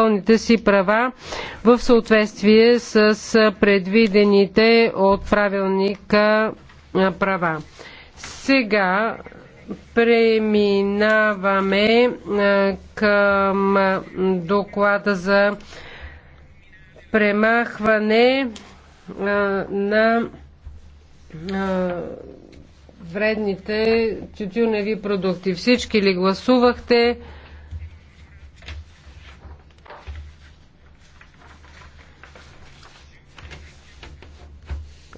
пълните си права в съответствие с предвидените от правилника права. Сега преминаваме към доклада за премахване на вредните тютюневи продукти. Всички ли гласувахте?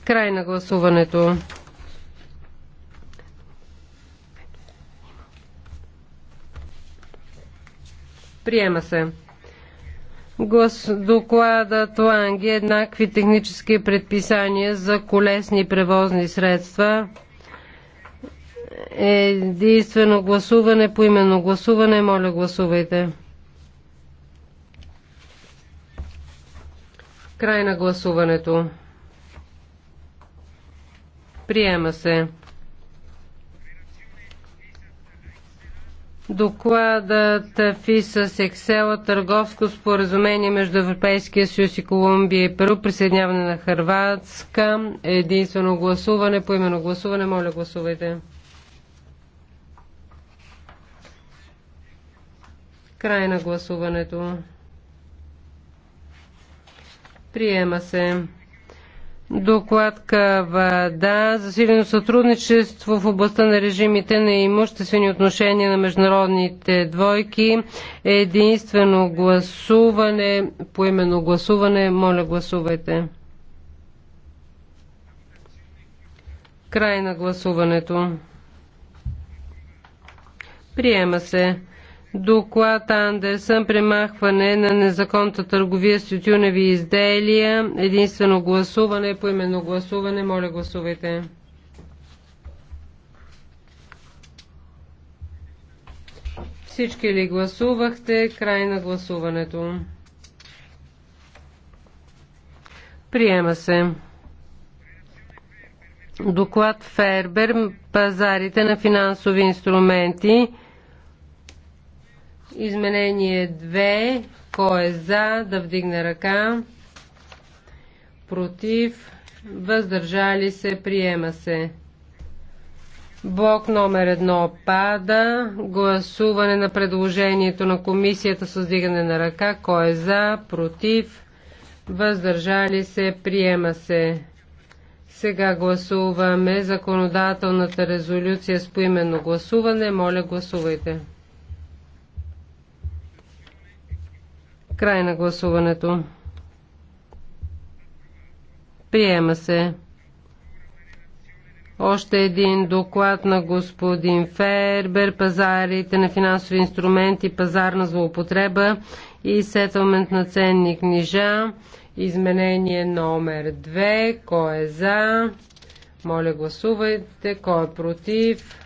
Край на гласуването. Приема се. Глас, докладът Ланги еднакви технически предписания за колесни превозни средства. Единствено гласуване, по именно гласуване. Моля, гласувайте. Край на гласуването. Приема се. Докладът ФИСА с Ексела търговско споразумение между Европейския съюз и Колумбия и Перу, присъединяване на Харватска, единствено гласуване, по именно гласуване, моля гласувайте. Край на гласуването. Приема се. Докладка Кавада за силено сътрудничество в областта на режимите на имуществени отношения на международните двойки. Единствено гласуване, поименно гласуване. Моля, гласувайте. Край на гласуването. Приема се. Доклад Андерсън премахване на незаконната търговия с тютюневи изделия. Единствено гласуване, по именно гласуване. Моля гласувайте. Всички ли гласувахте? Край на гласуването. Приема се. Доклад Фербер. Пазарите на финансови инструменти. Изменение 2. Кой е за да вдигне ръка? Против. Въздържали се. Приема се. Блок номер 1 пада. Гласуване на предложението на комисията с вдигане на ръка. Кой е за? Против. Въздържали се. Приема се. Сега гласуваме законодателната резолюция с поименно гласуване. Моля, гласувайте. Край на гласуването. Приема се. Още един доклад на господин Фербер, пазарите на финансови инструменти, пазар на злоупотреба и сетълмент на ценни книжа. Изменение номер 2. Кой е за? Моля гласувайте. Кой е против?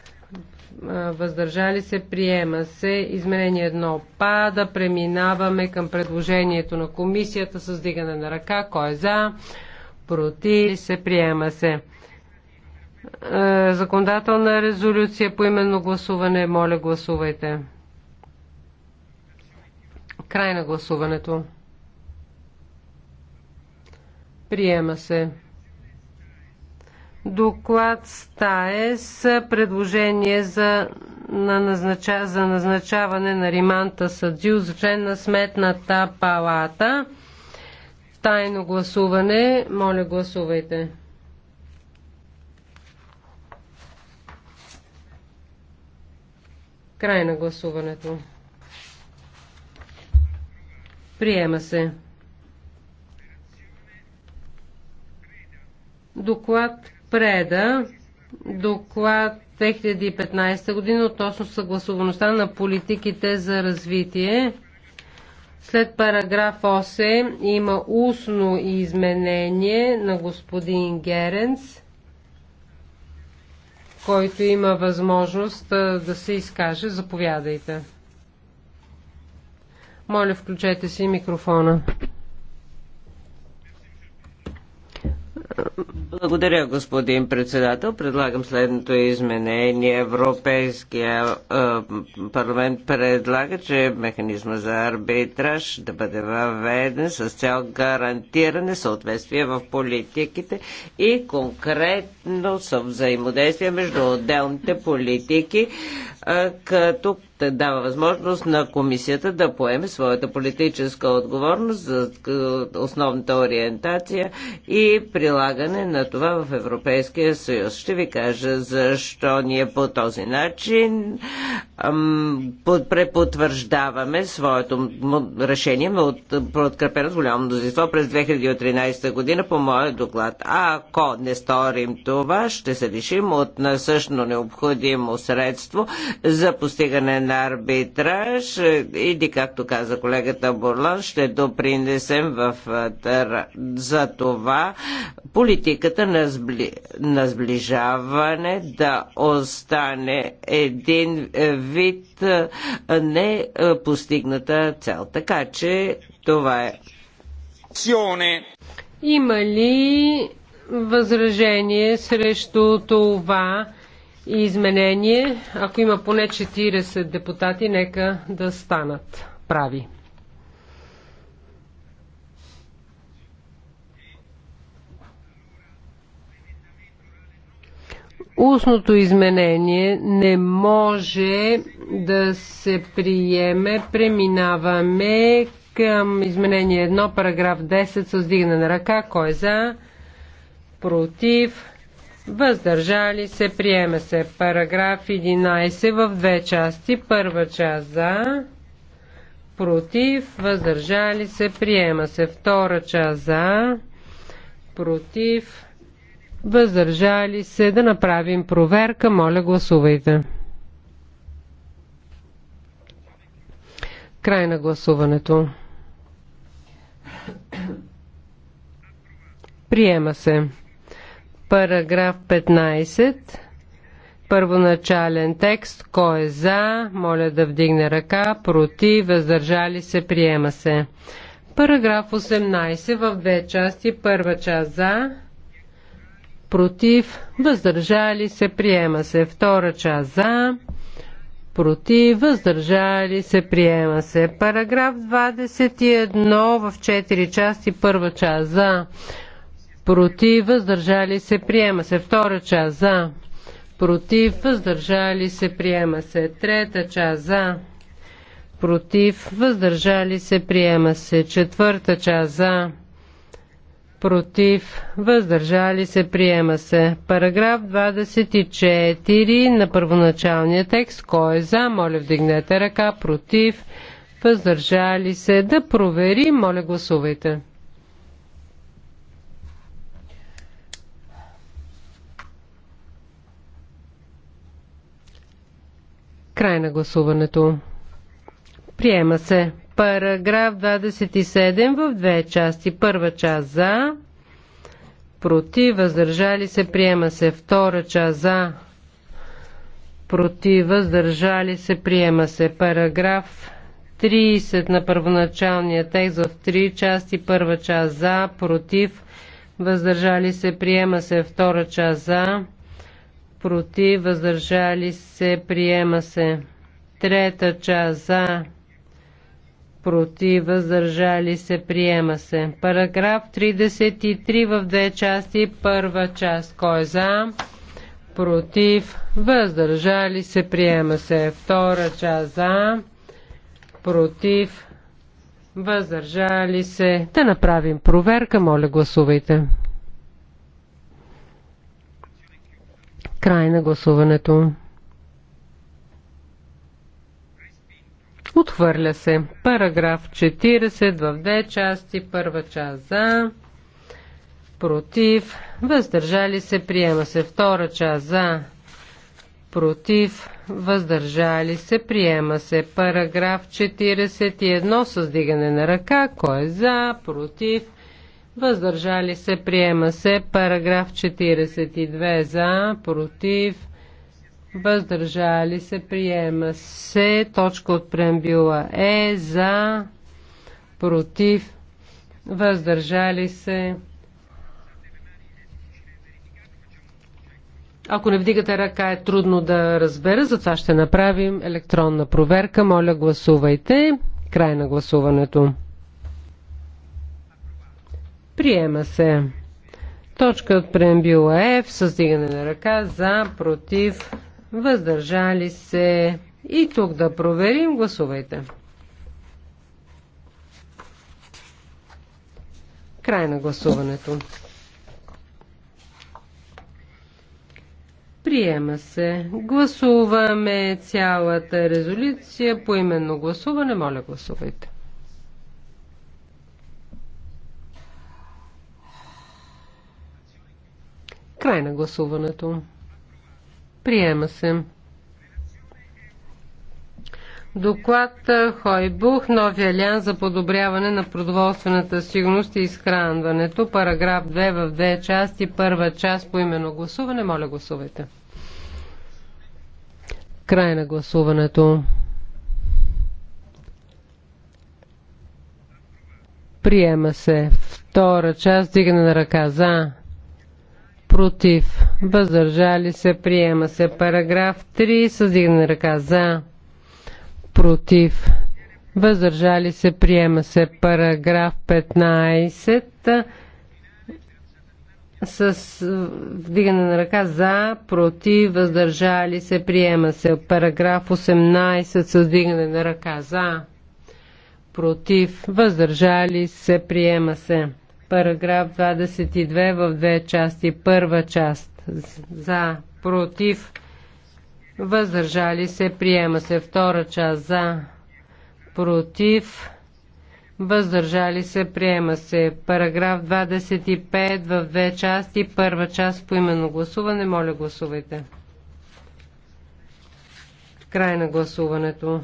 въздържали се, приема се. Изменение едно пада. Преминаваме към предложението на комисията с дигане на ръка. Кой е за? Против се, приема се. Законодателна резолюция по именно гласуване. Моля, гласувайте. Край на гласуването. Приема се. Доклад стае с предложение за, на назнача, за назначаване на Риманта Садзил за член на Сметната палата. Тайно гласуване. Моля, гласувайте. Край на гласуването. Приема се. Доклад Преда, доклад 2015 година относно съгласуваността на политиките за развитие. След параграф 8 има устно изменение на господин Геренц, който има възможност да се изкаже. Заповядайте. Моля, включете си микрофона. Благодаря, господин председател. Предлагам следното изменение. Европейския е, парламент предлага, че механизма за арбитраж да бъде въведен с цял гарантиране съответствие в политиките и конкретно съвзаимодействие между отделните политики като дава възможност на комисията да поеме своята политическа отговорност за основната ориентация и прилагане на това в Европейския съюз. Ще ви кажа защо ние по този начин препотвърждаваме своето решение, подкрепено с голямо мнозинство през 2013 година по моя доклад. А ако не сторим това, ще се лишим от насъщно необходимо средство за постигане на арбитраж или, както каза колегата Бурлан, ще допринесем в, за това политиката на, сбли, на сближаване да остане един е, Вид не постигната цел. Така че това е. Има ли възражение срещу това изменение? Ако има поне 40 депутати, нека да станат прави. Устното изменение не може да се приеме. Преминаваме към изменение 1, параграф 10 с дигна на ръка. Кой е за? Против? Въздържали се? Приема се. Параграф 11 в две части. Първа част за. Против? Въздържали се? Приема се. Втора част за. Против? въздържали се да направим проверка. Моля, гласувайте. Край на гласуването. Приема се. Параграф 15. Първоначален текст. Кой е за? Моля да вдигне ръка. Против. Въздържали се. Приема се. Параграф 18 в две части. Първа част за против, въздържали се, приема се. Втора част за, против, въздържали се, приема се. Параграф 21 в 4 части, първа част за, против, въздържали се, приема се. Втора част за, против, въздържали се, приема се. Трета част за, против, въздържали се, приема се. Четвърта част за, против, въздържали се, приема се. Параграф 24 на първоначалния текст. Кой е за? Моля, вдигнете ръка. Против, въздържали се. Да провери, моля, гласувайте. Край на гласуването. Приема се. Параграф 27 в две части. Първа част за, против, въздържали се, приема се. Втора част за, против, въздържали се, приема се. Параграф 30 на първоначалния текст в три части. Първа част за, против, въздържали се, приема се. Втора част за, против, въздържали се, приема се. Трета част за, против, въздържали се, приема се. Параграф 33 в две части. Първа част, кой е за? Против, въздържали се, приема се. Втора част за, против, въздържали се. Да направим проверка, моля гласувайте. Край на гласуването. Отхвърля се. Параграф 40 в две части. Първа част за. Против. Въздържали се. Приема се. Втора част за. Против. Въздържали се. Приема се. Параграф 41 с дигане на ръка. Кой е за? Против. Въздържали се. Приема се. Параграф 42 за. Против въздържали се, приема се, точка от преамбюла е за, против, въздържали се. Ако не вдигате ръка е трудно да разбера, затова ще направим електронна проверка. Моля гласувайте. Край на гласуването. Приема се. Точка от преамбюла F е с дигане на ръка за, против, въздържали се. И тук да проверим, гласувайте. Край на гласуването. Приема се. Гласуваме цялата резолюция по именно гласуване. Моля, гласувайте. Край на гласуването. Приема се. Доклад Хойбух, нови алиан за подобряване на продоволствената сигурност и изхранването. Параграф 2 в две части. Първа част по именно гласуване. Моля гласувайте. Край на гласуването. Приема се. Втора част. Дигане на ръка. За. Против въздържали се, приема се. Параграф 3 с дигна ръка за, против, въздържали се, приема се. Параграф 15 с вдигане на ръка за, против, въздържали се, приема се. Параграф 18 с вдигане на ръка за, против, въздържали се, приема се. Параграф 22 в две части. Първа част за, против, въздържали се, приема се. Втора част за, против, въздържали се, приема се. Параграф 25 в две части. Първа част по именно гласуване. Моля, гласувайте. Край на гласуването.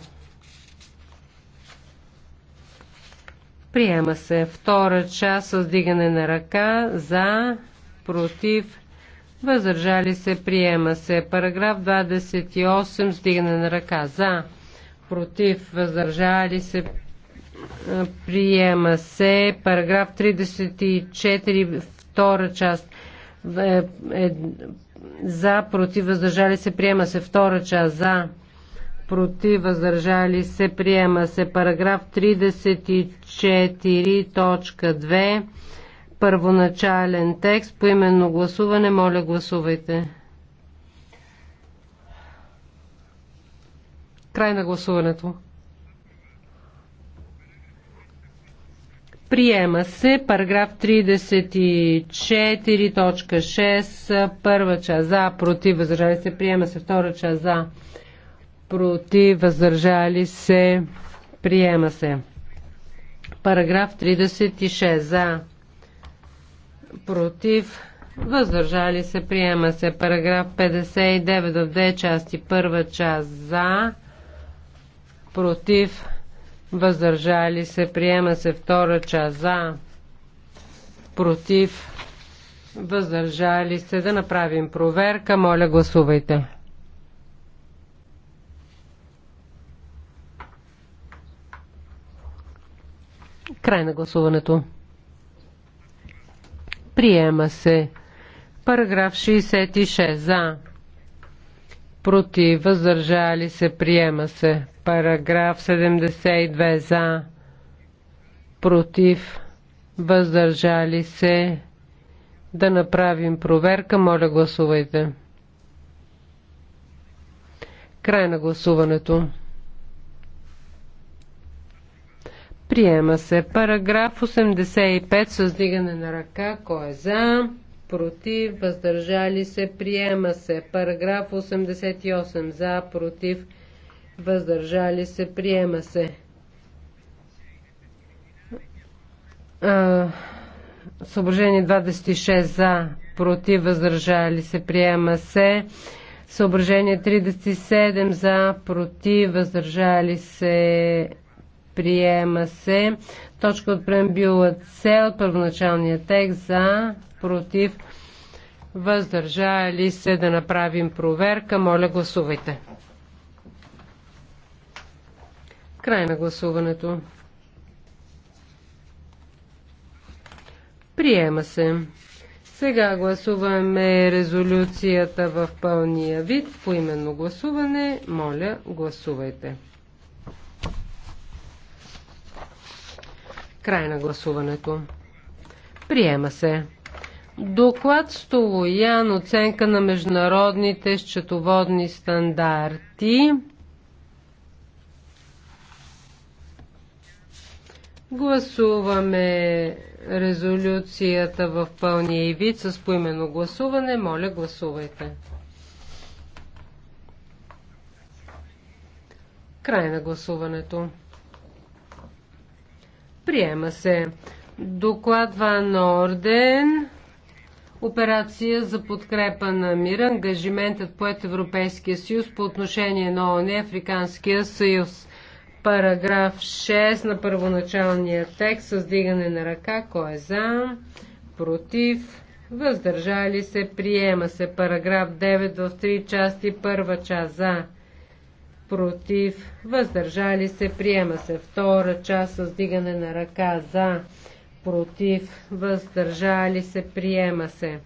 Приема се втора част с дигане на ръка за, против, Въздържали се, приема се. Параграф 28, стигане на ръка. За, против, въздържали се, приема се. Параграф 34, втора част. Е, е, за, против, въздържали се, приема се. Втора част. За, против, въздържали се, приема се. Параграф 34, точка 2. Първоначален текст по именно гласуване. Моля, гласувайте. Край на гласуването. Приема се параграф 34.6, първа част за, против, въздържали се. Приема се втора част за, против, въздържали се. Приема се. Параграф 36 за, против, въздържали се, приема се. Параграф 59 в две части. Първа част за, против, въздържали се, приема се. Втора част за, против, въздържали се. Да направим проверка. Моля, гласувайте. Край на гласуването. Приема се. Параграф 66. За. Против. Въздържали се. Приема се. Параграф 72. За. Против. Въздържали се. Да направим проверка. Моля, гласувайте. Край на гласуването. Приема се параграф 85 с дигане на ръка. Кой е за? Против. Въздържали се. Приема се параграф 88 за. Против. Въздържали се. Приема се. Съображение 26 за. Против. Въздържали се. Приема се. Съображение 37 за. Против. Въздържали се. Приема се точка от преамбюла С от първоначалния текст за, против, въздържали се да направим проверка. Моля, гласувайте. Край на гласуването. Приема се. Сега гласуваме резолюцията в пълния вид. По именно гласуване, моля, гласувайте. Край на гласуването. Приема се. Доклад Столоян, оценка на международните счетоводни стандарти. Гласуваме резолюцията в пълния и вид с поименно гласуване. Моля, гласувайте. Край на гласуването. Приема се. Докладва на Орден. Операция за подкрепа на мира. Ангажиментът поет Европейския съюз по отношение на ООН Африканския съюз. Параграф 6 на първоначалния текст създигане на ръка. Кой е за? Против? Въздържали се? Приема се. Параграф 9 в 3 части. Първа част за против, въздържали се, приема се. Втора част с дигане на ръка за, против, въздържали се, приема се.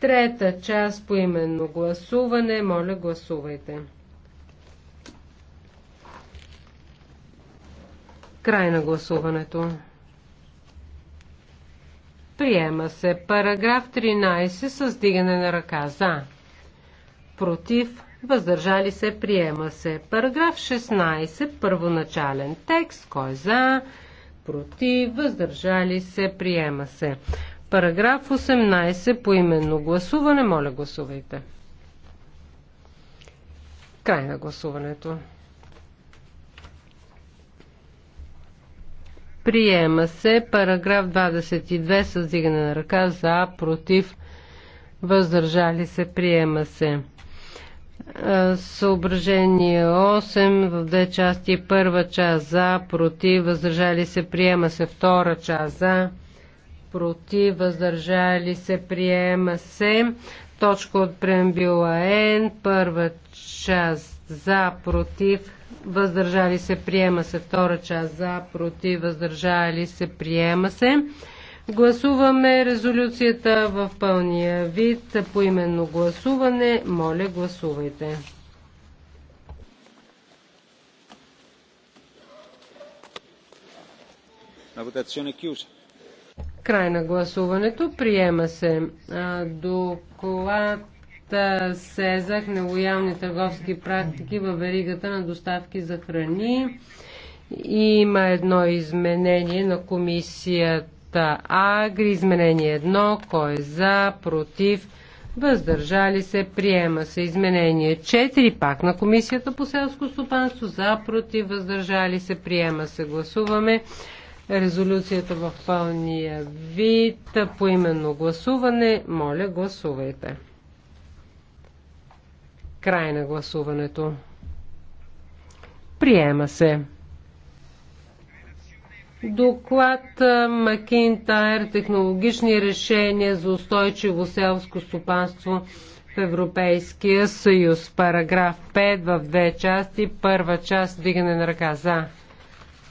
Трета част по именно гласуване. Моля, гласувайте. Край на гласуването. Приема се параграф 13 с дигане на ръка за. Против, въздържали се, приема се. Параграф 16, първоначален текст, кой е за, против, въздържали се, приема се. Параграф 18, по именно гласуване, моля гласувайте. Край на гласуването. Приема се параграф 22 с дигане на ръка за, против, въздържали се, приема се. Съображение 8 в две части. Първа част за, против, въздържали се, приема се. Втора част за, против, въздържали се, приема се. Точка от преамбила Н. Първа част за, против, въздържали се, приема се. Втора част за, против, въздържали се, приема се. Гласуваме резолюцията в пълния вид по именно гласуване. Моля, гласувайте. Край на гласуването. Приема се доклад СЕЗАХ, нелоялни търговски практики във веригата на доставки за храни. Има едно изменение на комисията Агри, изменение 1, кой е за, против, въздържали се, приема се. Изменение 4, пак на Комисията по селско стопанство, за, против, въздържали се, приема се. Гласуваме резолюцията в пълния вид, по именно гласуване. Моля, гласувайте. Край на гласуването. Приема се. Доклад Макинтайр технологични решения за устойчиво селско стопанство в Европейския съюз. Параграф 5 в две части. Първа част дигане на ръка за.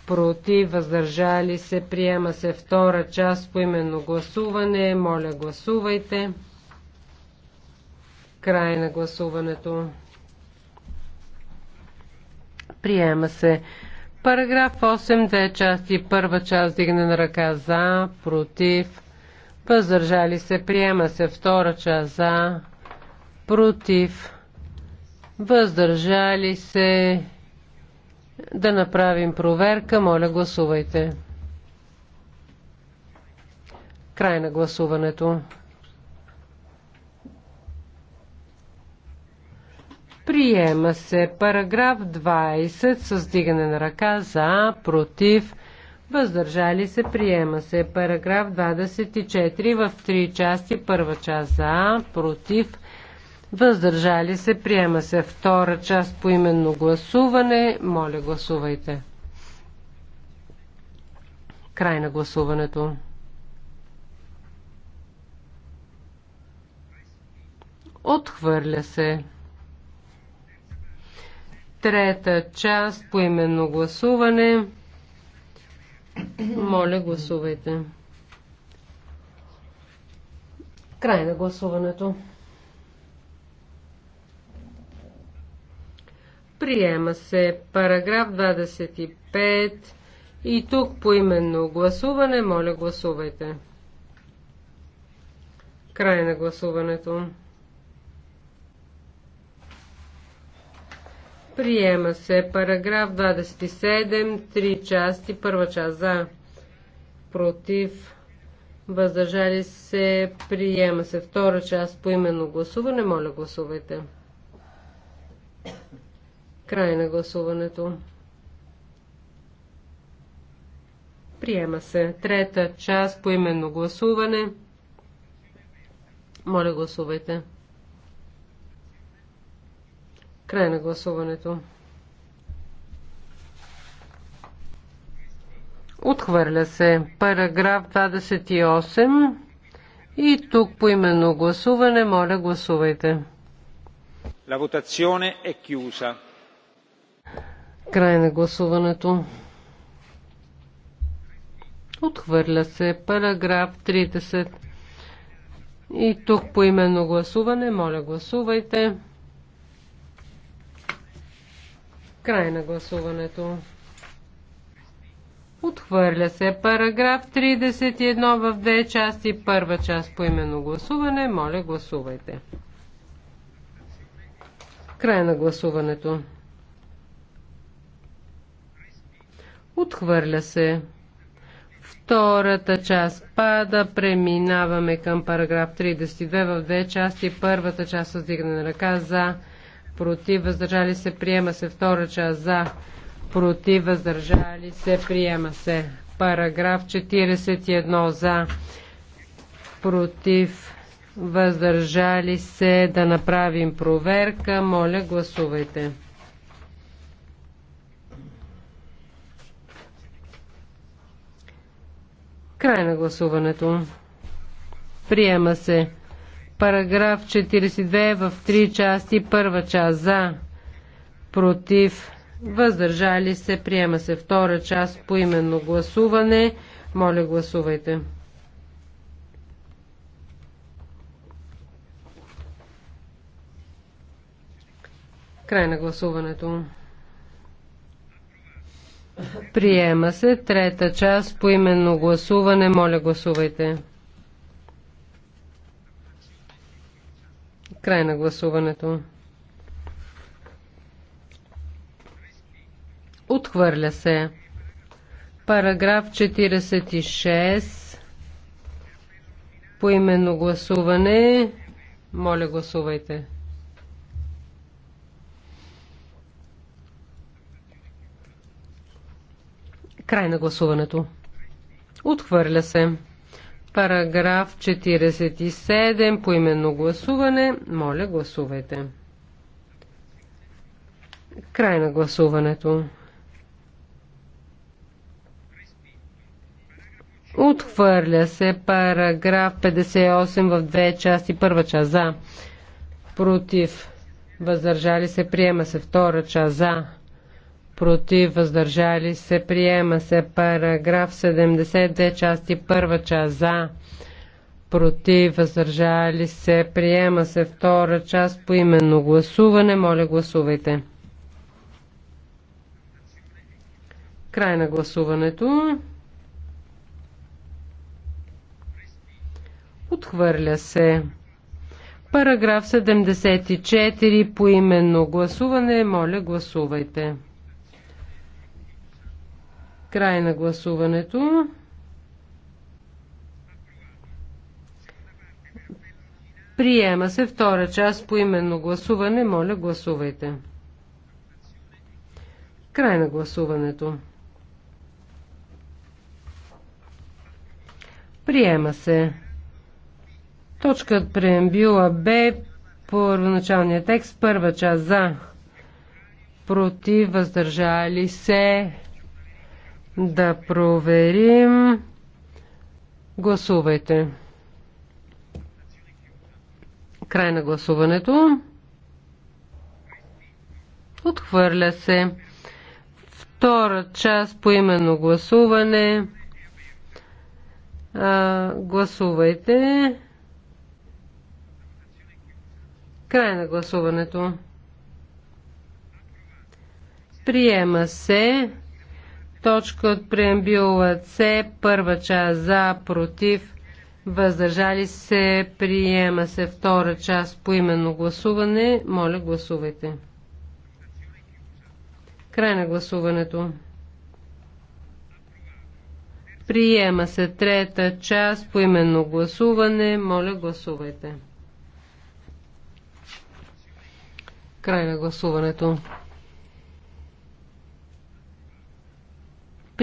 Против, въздържали се, приема се втора част по именно гласуване. Моля, гласувайте. Край на гласуването. Приема се Параграф 8, две части. Първа част дигне на ръка за, против, въздържали се, приема се. Втора част за, против, въздържали се. Да направим проверка. Моля, гласувайте. Край на гласуването. Приема се параграф 20 с дигане на ръка за, против, въздържали се. Приема се параграф 24 в три части. Първа част за, против, въздържали се. Приема се втора част по именно гласуване. Моля, гласувайте. Край на гласуването. Отхвърля се. Трета част по именно гласуване. Моля, гласувайте. Край на гласуването. Приема се параграф 25 и тук по именно гласуване. Моля, гласувайте. Край на гласуването. Приема се параграф 27, три части, първа част за, против, въздържали се, приема се втора част по именно гласуване, моля гласувайте. Край на гласуването. Приема се трета част по именно гласуване. Моля гласувайте. Край на гласуването. Отхвърля се параграф 28 и тук по именно гласуване, моля гласувайте. La votazione è chiusa. Край на гласуването. Отхвърля се параграф 30. И тук по именно гласуване, моля гласувайте. Край на гласуването. Отхвърля се параграф 31 в две части. Първа част по именно гласуване. Моля, гласувайте. Край на гласуването. Отхвърля се. Втората част пада. Преминаваме към параграф 32 в две части. Първата част с дигане на ръка за против, въздържали се, приема се. Втора част за, против, въздържали се, приема се. Параграф 41 за, против, въздържали се, да направим проверка. Моля, гласувайте. Край на гласуването. Приема се. Параграф 42 в три части. Първа част за, против, въздържали се, приема се. Втора част по именно гласуване. Моля, гласувайте. Край на гласуването. Приема се. Трета част по именно гласуване. Моля, гласувайте. Край на гласуването. Отхвърля се. Параграф 46. По именно гласуване. Моля, гласувайте. Край на гласуването. Отхвърля се. Параграф 47 по именно гласуване. Моля, гласувайте. Край на гласуването. Отхвърля се параграф 58 в две части. Първа част за. Против. Въздържали се. Приема се. Втора част за против, въздържали се, приема се параграф 72, части първа част за, против, въздържали се, приема се втора част по именно гласуване. Моля, гласувайте. Край на гласуването. Отхвърля се. Параграф 74 по именно гласуване. Моля, гласувайте. Край на гласуването. Приема се втора част по именно гласуване. Моля, гласувайте. Край на гласуването. Приема се. Точка от преембила Б. Първоначалния текст. Първа част за. Против. Въздържали се. Да проверим. Гласувайте. Край на гласуването. Отхвърля се. Втора част по именно гласуване. А, гласувайте. Край на гласуването. Приема се точка от преамбюла С, първа част за, против, въздържали се, приема се втора част по именно гласуване. Моля, гласувайте. Край на гласуването. Приема се трета част по именно гласуване. Моля, гласувайте. Край на гласуването.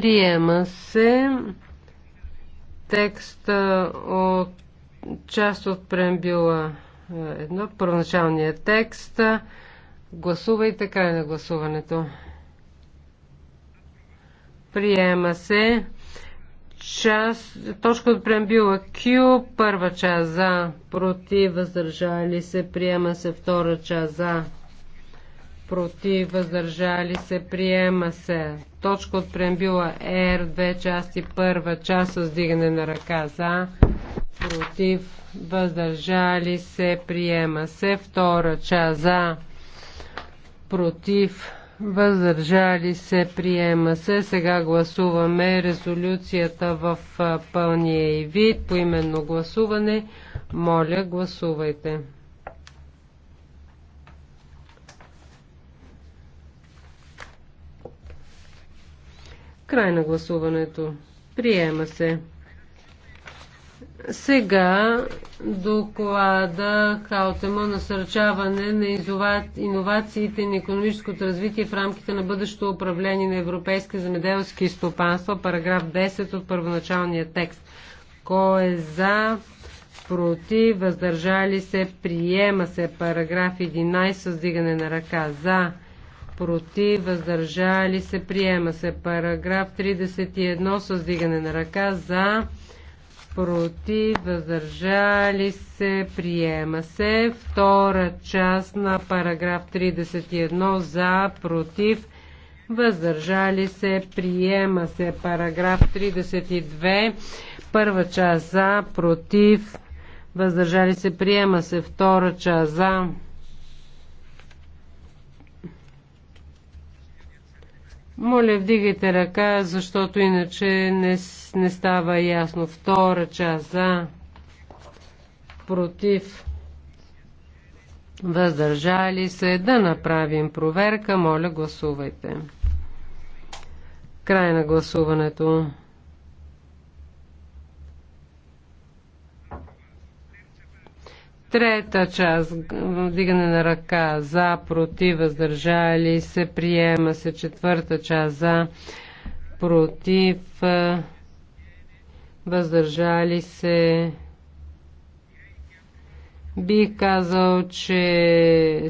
Приема се текста от част от преамбюла е, едно, първоначалния текст. Гласувайте край на гласуването. Приема се част, точка от преамбюла Q, първа част за, против, въздържали се, приема се втора част за, против, въздържали се, приема се. Точка от преамбюла Р, две части, първа част с дигане на ръка за, против, въздържали се, приема се, втора част за, против, въздържали се, приема се. Сега гласуваме резолюцията в пълния и вид, по именно гласуване. Моля, гласувайте. Край на гласуването. Приема се. Сега доклада Хаутема насърчаване на иновациите на економическото развитие в рамките на бъдещото управление на европейски земеделски стопанства, параграф 10 от първоначалния текст. Кой е за, против, въздържали се, приема се параграф 11 с дигане на ръка за против, въздържали се, приема се. Параграф 31 с вдигане на ръка за, против, въздържали се, приема се. Втора част на параграф 31 за, против, въздържали се, приема се. Параграф 32, първа част за, против, въздържали се, приема се. Втора част за, против, Моля, вдигайте ръка, защото иначе не, не става ясно. Втора част за, против, въздържали се. Да направим проверка. Моля, гласувайте. Край на гласуването. Трета част, вдигане на ръка, за, против, въздържали се, приема се. Четвърта част, за, против, въздържали се. Бих казал, че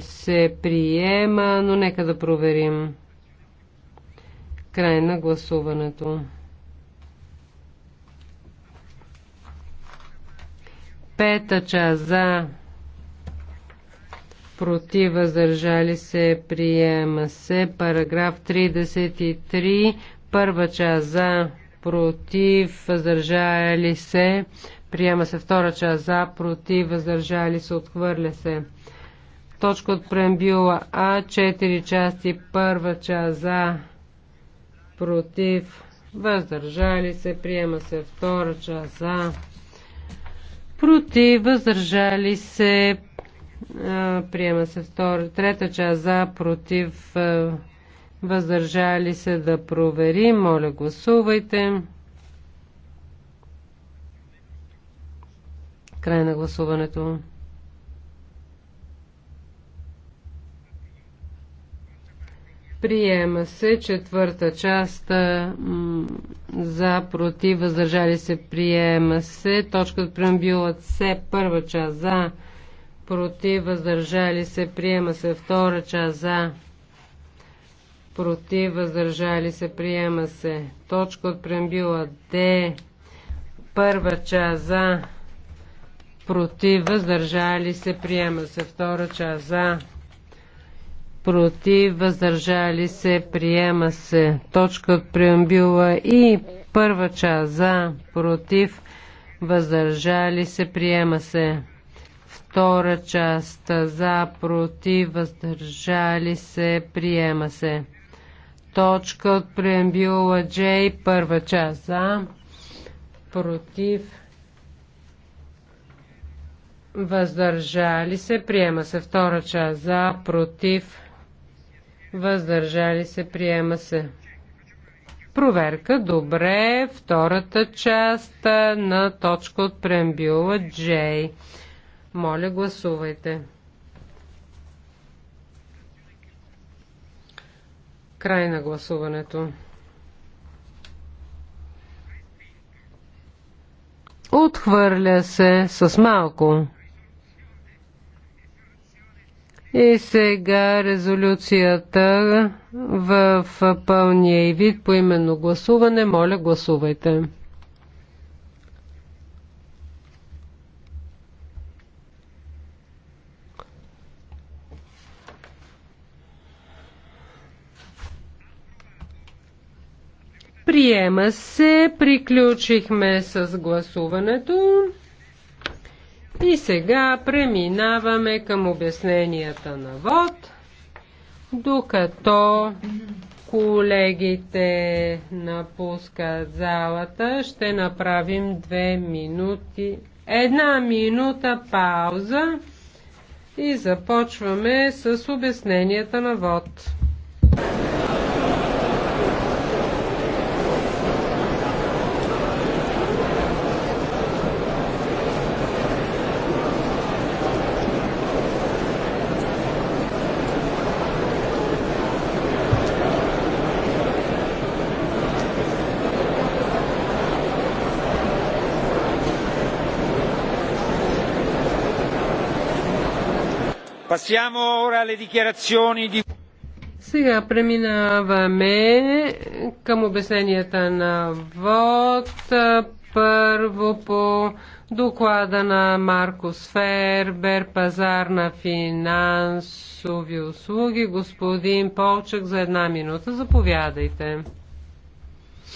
се приема, но нека да проверим. Край на гласуването. Пета част за против въздържали се приема се. Параграф 33 първа част за против въздържали се приема се. Втора част за против въздържали се отхвърля се. Точка от преамбюла А, 4 части, първа част за, против, въздържали се, приема се втора част за, против, въздържали се, приема се втора, трета част за, против, въздържали се да проверим. Моля, гласувайте. Край на гласуването. Приема се четвърта част за против, въздържали се, приема се. Точка от преамбюлът се, първа част за против, въздържали се, приема се. Втора част за против, въздържали се, приема се. Точка от преамбюлът Д, първа част за против, въздържали се, приема се. Втора част за против, въздържали се, приема се. Точка от преамбюла и първа част за, против, въздържали се, приема се. Втора част за, против, въздържали се, приема се. Точка от преамбюла J, първа част за, против, въздържали се, приема се. Втора част за, против, въздържали се, приема се. Проверка, добре, втората част на точка от преамбюла J. Моля, гласувайте. Край на гласуването. Отхвърля се с малко. И сега резолюцията в пълния и вид по именно гласуване. Моля, гласувайте. Приема се. Приключихме с гласуването. И сега преминаваме към обясненията на ВОД, докато колегите напускат залата, ще направим две минути, една минута пауза и започваме с обясненията на ВОД. Сега преминаваме към обясненията на ВОД. Първо по доклада на Маркус Фербер, пазар на финансови услуги. Господин Полчък за една минута. Заповядайте.